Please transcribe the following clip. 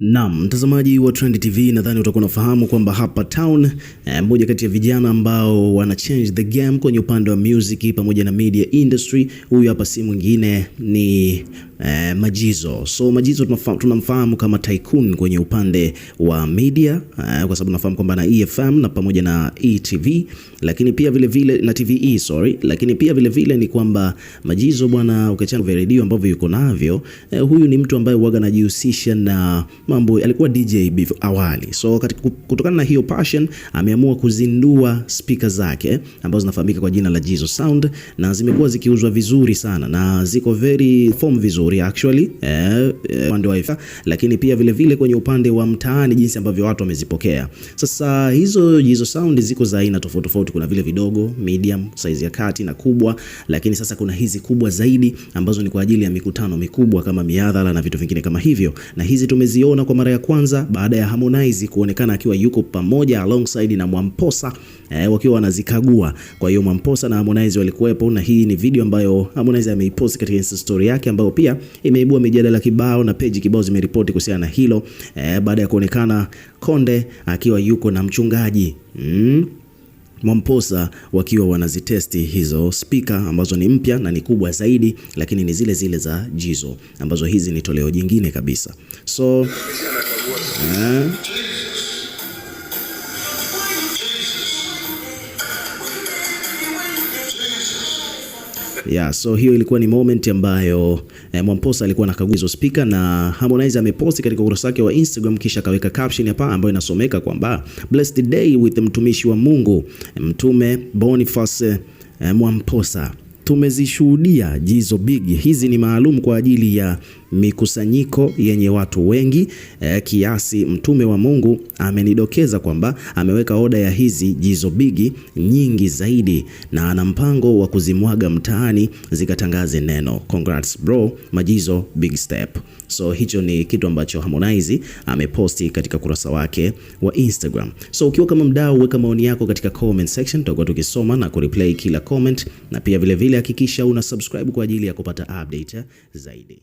Naam, mtazamaji wa Trend TV nadhani utakuwa unafahamu kwamba hapa town eh, mmoja kati ya vijana ambao wana change the game kwenye upande wa music pamoja na media industry, huyu hapa si mwingine ni eh, Majizo. So Majizo tunamfahamu kama tycoon kwenye upande wa media eh, kwa sababu nafahamu kwamba na EFM na pamoja na ETV, lakini pia vile vile na TVE sorry, lakini pia vile vile ni kwamba Majizo bwana, ukiachana vya redio ambavyo yuko navyo eh, huyu ni mtu ambaye huaga anajihusisha na mambo alikuwa DJ awali. So katika kutokana na hiyo passion, ameamua kuzindua speaker zake ambazo zinafahamika kwa jina la Jizo Sound na zimekuwa zikiuzwa vizuri sana na ziko very form vizuri actually eh, eh upande wa lakini pia vile vile kwenye upande wa mtaani jinsi ambavyo watu wamezipokea. Sasa hizo Jizo Sound ziko za aina tofauti tofauti, kuna vile vidogo, medium, size ya kati na kubwa, lakini sasa kuna hizi kubwa zaidi ambazo ni kwa ajili ya mikutano mikubwa kama miadhara na vitu vingine kama hivyo, na hizi tumeziona kuona kwa mara ya kwanza baada ya Harmonize kuonekana akiwa yuko pamoja alongside na Mwamposa eh, wakiwa wanazikagua. Kwa hiyo Mwamposa na Harmonize walikuwepo, na hii ni video ambayo Harmonize ameipost katika Insta story yake ambayo pia imeibua mijadala kibao na page kibao zimeripoti kuhusiana na hilo eh, baada ya kuonekana Konde akiwa yuko na mchungaji mm. Mamposa wakiwa wanazitesti hizo spika ambazo ni mpya na ni kubwa zaidi, lakini ni zile zile za Jizo ambazo hizi ni toleo jingine kabisa so eh, yeah, so hiyo ilikuwa ni moment ambayo eh, Mwamposa alikuwa anakagua hizo speaker na Harmonize ameposti katika ukurasa wake wa Instagram kisha akaweka caption hapa ambayo inasomeka kwamba blessed day with mtumishi wa Mungu Mtume Boniface eh, Mwamposa tumezishuhudia jizo big hizi ni maalum kwa ajili ya mikusanyiko yenye watu wengi eh, kiasi mtume wa Mungu amenidokeza kwamba ameweka oda ya hizi jizo bigi nyingi zaidi na ana mpango wa kuzimwaga mtaani zikatangaze neno. Congrats bro, majizo big step. So hicho ni kitu ambacho Harmonize ameposti katika kurasa wake wa Instagram. So ukiwa kama mdau, weka maoni yako katika comment section, tutakuwa tukisoma na kureplay kila comment, na pia vilevile hakikisha vile una subscribe kwa ajili ya kupata update zaidi.